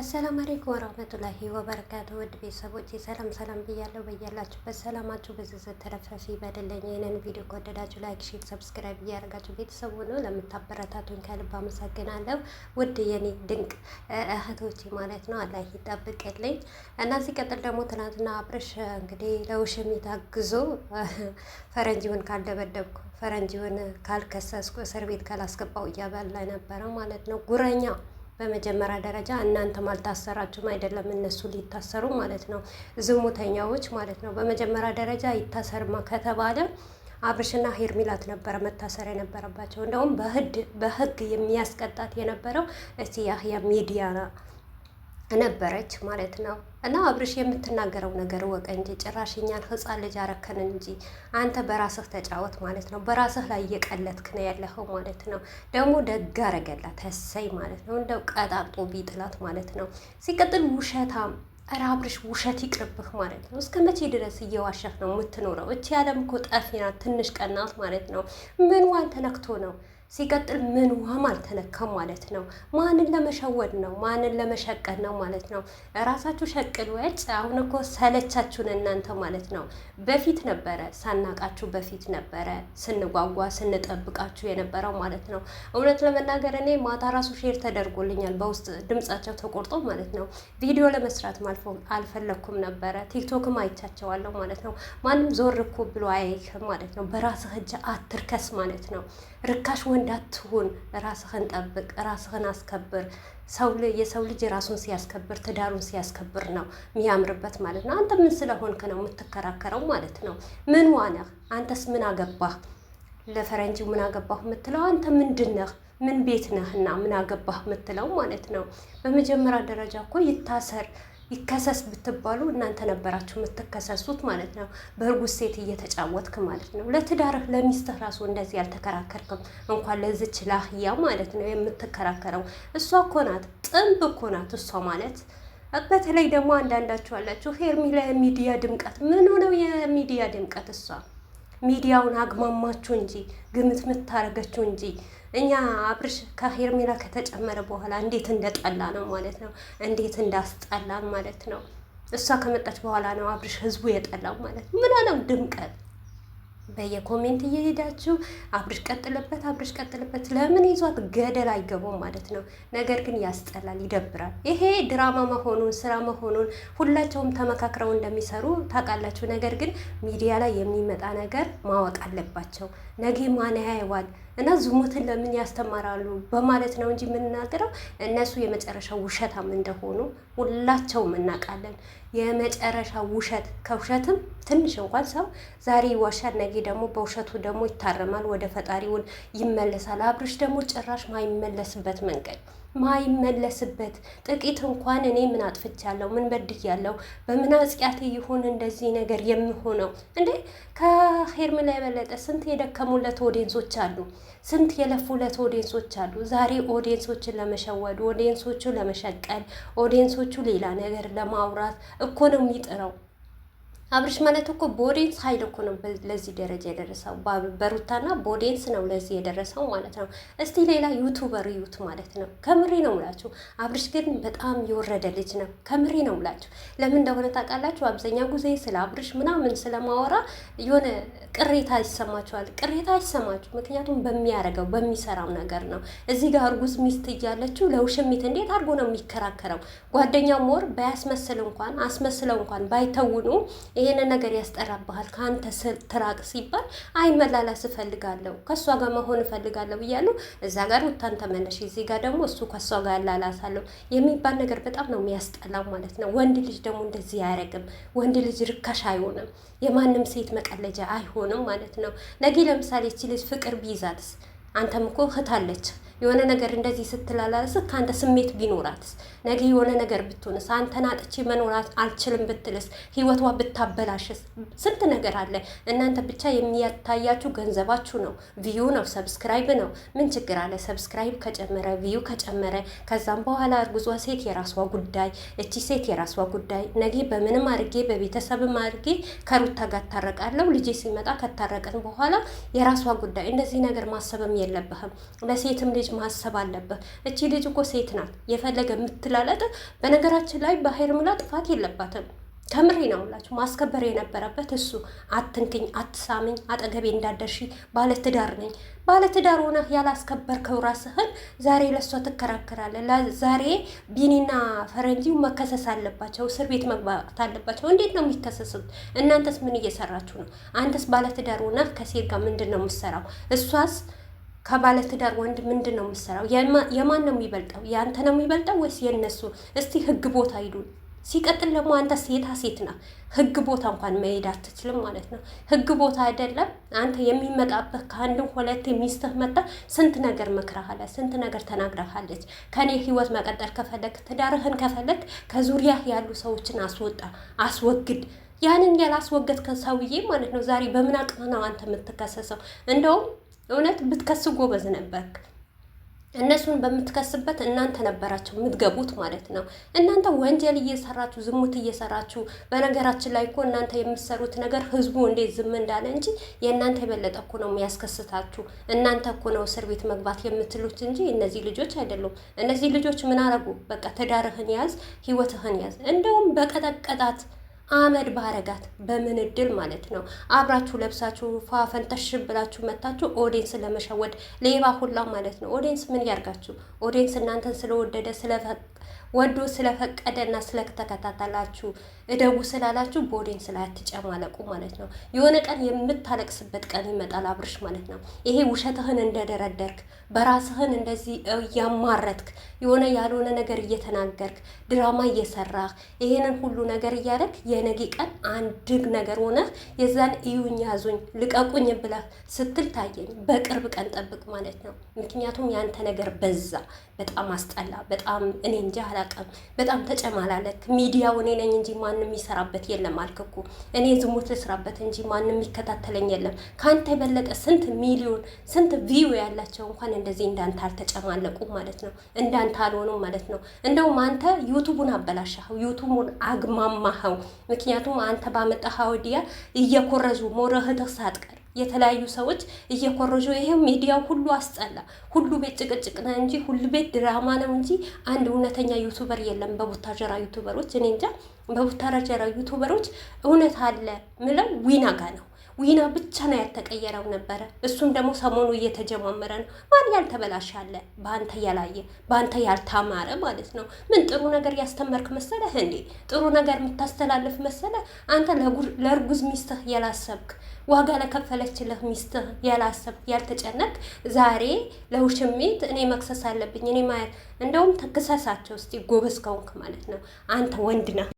አሰላም አለይኩም ወራህመቱላሂ ወበረካቱ። ውድ ቤተሰቦች ሰላም ሰላም ብያለሁ። በያላችሁበት ሰላማችሁ በዝዝት ተረፍረፊ በደለኝ። ይህንን ቪዲዮ ከወደዳችሁ ላይክ፣ ሼር፣ ሰብስክራይብ እያደረጋችሁ ቤተሰቡ ነው ለምታበረታቱኝ ከልብ አመሰግናለሁ። ውድ የኔ ድንቅ እህቶቼ ማለት ነው አላህ ይጠብቅልኝ እና ሲቀጥል ደግሞ ትናንትና አብርሽ እንግዲህ ለውሽሚት አግዞ ፈረንጂውን ካልደበደብኩ ፈረንጂውን ካልከሰስኩ እስር ቤት ካላስገባው እያበላ ነበረው ማለት ነው ጉረኛ በመጀመሪያ ደረጃ እናንተም አልታሰራችሁም አይደለም፣ እነሱ ሊታሰሩ ማለት ነው፣ ዝሙተኛዎች ማለት ነው። በመጀመሪያ ደረጃ ይታሰርማ ከተባለ አብርሽና ሄርሚላት ነበረ መታሰር የነበረባቸው። እንደውም በህግ የሚያስቀጣት የነበረው እስቲ ያህያ ሚዲያ ነበረች ማለት ነው። እና አብርሽ የምትናገረው ነገር ወቀ እንጂ ጭራሽ እኛን ሕፃን ልጅ አረከን እንጂ አንተ በራስህ ተጫወት ማለት ነው። በራስህ ላይ እየቀለድክ ነው ያለኸው ማለት ነው። ደግሞ ደግ አረገላት እሰይ ማለት ነው። እንደው ቀጣጦ ቢጥላት ማለት ነው። ሲቀጥል ውሸታም ኧረ አብርሽ ውሸት ይቅርብህ ማለት ነው። እስከ መቼ ድረስ እየዋሸህ ነው የምትኖረው? እቺ ዓለም እኮ ጠፊ ናት፣ ትንሽ ቀናት ማለት ነው። ምን ዋን ተነክቶ ነው ሲቀጥል ምን ውሃም አልተነካም ማለት ነው። ማንን ለመሸወድ ነው? ማንን ለመሸቀድ ነው ማለት ነው። ራሳችሁ ሸቅል ወጭ። አሁን እኮ ሰለቻችሁን እናንተ ማለት ነው። በፊት ነበረ ሳናቃችሁ፣ በፊት ነበረ ስንጓጓ ስንጠብቃችሁ የነበረው ማለት ነው። እውነት ለመናገር እኔ ማታ ራሱ ሼር ተደርጎልኛል በውስጥ ድምጻቸው ተቆርጦ ማለት ነው። ቪዲዮ ለመስራት ማልፎ አልፈለግኩም ነበረ። ቲክቶክም አይቻቸዋለሁ ማለት ነው። ማንም ዞር እኮ ብሎ አይህ ማለት ነው። በራስህ እጅ አትርከስ ማለት ነው። ርካሽ እንዳትሆን ራስህን ጠብቅ፣ ራስህን አስከብር። የሰው ልጅ ራሱን ሲያስከብር ትዳሩን ሲያስከብር ነው የሚያምርበት ማለት ነው። አንተ ምን ስለሆንክ ነው የምትከራከረው ማለት ነው? ምን ዋነህ? አንተስ ምን አገባህ? ለፈረንጂው ምን አገባህ የምትለው አንተ ምንድን ነህ? ምን ቤት ነህና ምን አገባህ የምትለው ማለት ነው። በመጀመሪያ ደረጃ እኮ ይታሰር ይከሰስ ብትባሉ እናንተ ነበራችሁ የምትከሰሱት ማለት ነው። በእርጉዝ ሴት እየተጫወትክ ማለት ነው። ለትዳርህ ለሚስትህ ራሱ እንደዚህ ያልተከራከርክም እንኳን ለዝች ላህያ ማለት ነው የምትከራከረው። እሷ እኮ ናት፣ ጥንብ እኮ ናት እሷ ማለት በተለይ ደግሞ አንዳንዳችሁ አላችሁ ሄርሚላ የሚዲያ ድምቀት። ምን ነው የሚዲያ ድምቀት? እሷ ሚዲያውን አግማማችሁ እንጂ ግምት ምታረገችው እንጂ እኛ አብርሽ ከሄርሜላ ከተጨመረ በኋላ እንዴት እንደጠላ ነው ማለት ነው፣ እንዴት እንዳስጠላን ማለት ነው። እሷ ከመጣች በኋላ ነው አብርሽ ህዝቡ የጠላው ማለት ነው። ምን አለው ድምቀት በየኮሜንት እየሄዳችሁ አብርሽ ቀጥልበት፣ አብርሽ ቀጥልበት። ለምን ይዟት ገደል አይገቡም ማለት ነው። ነገር ግን ያስጠላል፣ ይደብራል። ይሄ ድራማ መሆኑን ስራ መሆኑን ሁላቸውም ተመካክረው እንደሚሰሩ ታውቃላችሁ። ነገር ግን ሚዲያ ላይ የሚመጣ ነገር ማወቅ አለባቸው። ነገ ማን ያየዋል? እና ዝሙትን ለምን ያስተማራሉ በማለት ነው እንጂ የምንናገረው እነሱ የመጨረሻ ውሸታም እንደሆኑ ሁላቸውም እናውቃለን። የመጨረሻ ውሸት ከውሸትም ትንሽ እንኳን ሰው ዛሬ ይዋሻል፣ ነገ ደግሞ በውሸቱ ደግሞ ይታረማል፣ ወደ ፈጣሪውን ይመለሳል። አብርሽ ደግሞ ጭራሽ ማይመለስበት መንገድ ማይመለስበት ጥቂት እንኳን እኔ ምን አጥፍቻለሁ? ምን በድያለሁ? በምን አጽያቴ ይሁን እንደዚህ ነገር የምሆነው? እንዴ ከሄርሜላ የበለጠ ስንት የደከሙለት ኦዲየንሶች አሉ፣ ስንት የለፉለት ኦዲየንሶች አሉ። ዛሬ ኦዲየንሶችን ለመሸወድ፣ ኦዲየንሶቹ ለመሸቀል፣ ኦዲየንሶቹ ሌላ ነገር ለማውራት እኮ ነው የሚጥረው። አብርሽ ማለት እኮ በኦዲየንስ ኃይል እኮ ነው ለዚህ ደረጃ የደረሰው። በሩታና በኦዲየንስ ነው ለዚህ የደረሰው ማለት ነው። እስቲ ሌላ ዩቱበር ዩት ማለት ነው። ከምሬ ነው ምላችሁ። አብርሽ ግን በጣም የወረደ ልጅ ነው። ከምሬ ነው ምላችሁ። ለምን እንደሆነ ታውቃላችሁ? አብዛኛው ጊዜ ስለ አብርሽ ምናምን ስለማወራ የሆነ ቅሬታ ይሰማችኋል። ቅሬታ ይሰማችሁ፣ ምክንያቱም በሚያደርገው በሚሰራው ነገር ነው። እዚህ ጋር እርጉዝ ሚስት እያለችው ለውሽሚት እንዴት አድርጎ ነው የሚከራከረው? ጓደኛው ሞር ባያስመስል እንኳን አስመስለው እንኳን ባይተውኑ ይሄን ነገር ያስጠራብሃል፣ ከአንተ ትራቅ ሲባል አይ መላላስ እፈልጋለሁ፣ ከእሷ ጋር መሆን እፈልጋለሁ ብያለሁ። እዛ ጋር ውታን ተመለሽ፣ እዚህ ጋር ደግሞ እሱ ከእሷ ጋር ያላላሳለሁ የሚባል ነገር በጣም ነው የሚያስጠላው ማለት ነው። ወንድ ልጅ ደግሞ እንደዚህ አያረግም። ወንድ ልጅ ርካሽ አይሆንም፣ የማንም ሴት መቀለጃ አይሆንም ማለት ነው። ነገ ለምሳሌ እቺ ልጅ ፍቅር ቢይዛትስ? አንተም እኮ እህት የሆነ ነገር እንደዚህ ስትላላስ ከአንተ ስሜት ቢኖራትስ ነገ የሆነ ነገር ብትሆንስ አንተን አጥቼ መኖራት አልችልም ብትልስ ህይወቷ ብታበላሽስ ስንት ነገር አለ። እናንተ ብቻ የሚያታያችሁ ገንዘባችሁ ነው፣ ቪዩ ነው፣ ሰብስክራይብ ነው። ምን ችግር አለ? ሰብስክራይብ ከጨመረ ቪዩ ከጨመረ ከዛም በኋላ እርጉዟ ሴት የራሷ ጉዳይ፣ እቺ ሴት የራሷ ጉዳይ። ነገ በምንም አርጌ በቤተሰብም አርጌ ከሩታ ጋር ታረቃለሁ። ልጄ ሲመጣ ከታረቀን በኋላ የራሷ ጉዳይ። እንደዚህ ነገር ማሰብም የለብህም ለሴትም ልጅ ልጅ ማሰብ አለበት። እቺ ልጅ እኮ ሴት ናት፣ የፈለገ የምትላለጥ። በነገራችን ላይ በሀይርሙላ ጥፋት የለባትም። ከምሬ ነው የምላችሁ። ማስከበር የነበረበት እሱ አትንክኝ፣ አትሳምኝ፣ አጠገቤ እንዳደርሺ፣ ባለትዳር ነኝ። ባለትዳር ሆነህ ያላስከበርከው ራስህን ዛሬ ለእሷ ትከራከራለህ። ዛሬ ቢኒና ፈረንጂው መከሰስ አለባቸው፣ እስር ቤት መግባት አለባቸው። እንዴት ነው የሚከሰሱት? እናንተስ ምን እየሰራችሁ ነው? አንተስ ባለትዳር ሆነህ ከሴት ጋር ምንድን ነው የምትሰራው? እሷስ ከባለትዳር ወንድ ምንድን ነው የምሰራው? የማን ነው የሚበልጠው? የአንተ ነው የሚበልጠው ወይስ የእነሱ? እስቲ ህግ ቦታ ሂዱ። ሲቀጥል ደግሞ አንተ ሴታ ሴት ና ህግ ቦታ እንኳን መሄድ አትችልም ማለት ነው። ህግ ቦታ አይደለም አንተ የሚመጣበት ከአንድም ሁለት ሚስትህ መጣ። ስንት ነገር መክረሃለ፣ ስንት ነገር ተናግረሃለች። ከኔ ህይወት መቀጠል ከፈለግ፣ ትዳርህን ከፈለግ ከዙሪያ ያሉ ሰዎችን አስወጣ፣ አስወግድ። ያንን ያላስወገድከ ሰውዬ ማለት ነው ዛሬ በምን አቅምህ ነው አንተ የምትከሰሰው? እንደውም እውነት ብትከስ ጎበዝ ነበርክ። እነሱን በምትከስበት እናንተ ነበራቸው የምትገቡት ማለት ነው። እናንተ ወንጀል እየሰራችሁ ዝሙት እየሰራችሁ። በነገራችን ላይ እኮ እናንተ የምትሰሩት ነገር ህዝቡ እንዴት ዝም እንዳለ እንጂ የእናንተ የበለጠ እኮ ነው የሚያስከስታችሁ። እናንተ እኮ ነው እስር ቤት መግባት የምትሉት እንጂ እነዚህ ልጆች አይደሉም። እነዚህ ልጆች ምን አረጉ? በቃ ትዳርህን ያዝ፣ ህይወትህን ያዝ። እንደውም በቀጠቀጣት አመድ ባረጋት በምን እድል ማለት ነው? አብራችሁ ለብሳችሁ ፋፈንተሽ ብላችሁ መታችሁ ኦዲንስ ለመሸወድ ሌባ ሁላ ማለት ነው። ኦዲንስ ምን ያርጋችሁ? ኦዲንስ እናንተን ስለወደደ ወዶ ስለፈቀደ እና ስለተከታተላችሁ እደቡ ስላላችሁ በኦዲንስ ላይ አትጨማለቁ ማለት ነው። የሆነ ቀን የምታለቅስበት ቀን ይመጣል አብርሽ ማለት ነው። ይሄ ውሸትህን እንደደረደርክ በራስህን እንደዚህ እያማረትክ የሆነ ያልሆነ ነገር እየተናገርክ ድራማ እየሰራህ ይሄንን ሁሉ ነገር እያደረግ የነገ ቀን አንድግ ነገር ሆነህ የዛን እዩኝ ያዙኝ ልቀቁኝ ብለህ ስትል ታየኝ። በቅርብ ቀን ጠብቅ ማለት ነው። ምክንያቱም ያንተ ነገር በዛ፣ በጣም አስጠላ፣ በጣም እኔ እንጂ አላውቅም፣ በጣም ተጨማላለክ። ሚዲያው እኔ ነኝ እንጂ ማንም የሚሰራበት የለም አልክ እኮ። እኔ ዝሙት ልስራበት እንጂ ማንም የሚከታተለኝ የለም። ከአንተ የበለጠ ስንት ሚሊዮን ስንት ቪው ያላቸው እንኳን እንደዚህ እንዳንተ አልተጨማለቁ ማለት ነው እንዳ ፈንታ አልሆኑም ማለት ነው። እንደውም አንተ ዩቱቡን አበላሻው ዩቱቡን አግማማኸው። ምክንያቱም አንተ ባመጣኸው ዲያ እየኮረዙ ሞረህተህ ሳትቀር የተለያዩ ሰዎች እየኮረጁ ይሄው ሚዲያው ሁሉ አስጠላ። ሁሉ ቤት ጭቅጭቅ ነው እንጂ ሁሉ ቤት ድራማ ነው እንጂ አንድ እውነተኛ ዩቱበር የለም። በቡታጀራ ዩቱበሮች እኔ እንጃ፣ በቡታጀራ ዩቱበሮች እውነት አለ ምለው ዊናጋ ነው ዊና ብቻ ነው ያልተቀየረው ነበረ። እሱም ደግሞ ሰሞኑ እየተጀማመረ ነው። ማን ያልተበላሸ አለ? በአንተ ያላየ በአንተ ያልታማረ ማለት ነው። ምን ጥሩ ነገር ያስተመርክ መሰለህ እንዴ? ጥሩ ነገር የምታስተላልፍ መሰለህ? አንተ ለእርጉዝ ሚስትህ ያላሰብክ፣ ዋጋ ለከፈለችልህ ሚስትህ ያላሰብክ፣ ያልተጨነቅ ዛሬ ለውሽሚት እኔ መክሰስ አለብኝ እኔ ማየት እንደውም ተክሰሳቸው እስቲ ጎበዝ ከሆንክ ማለት ነው። አንተ ወንድ ነህ።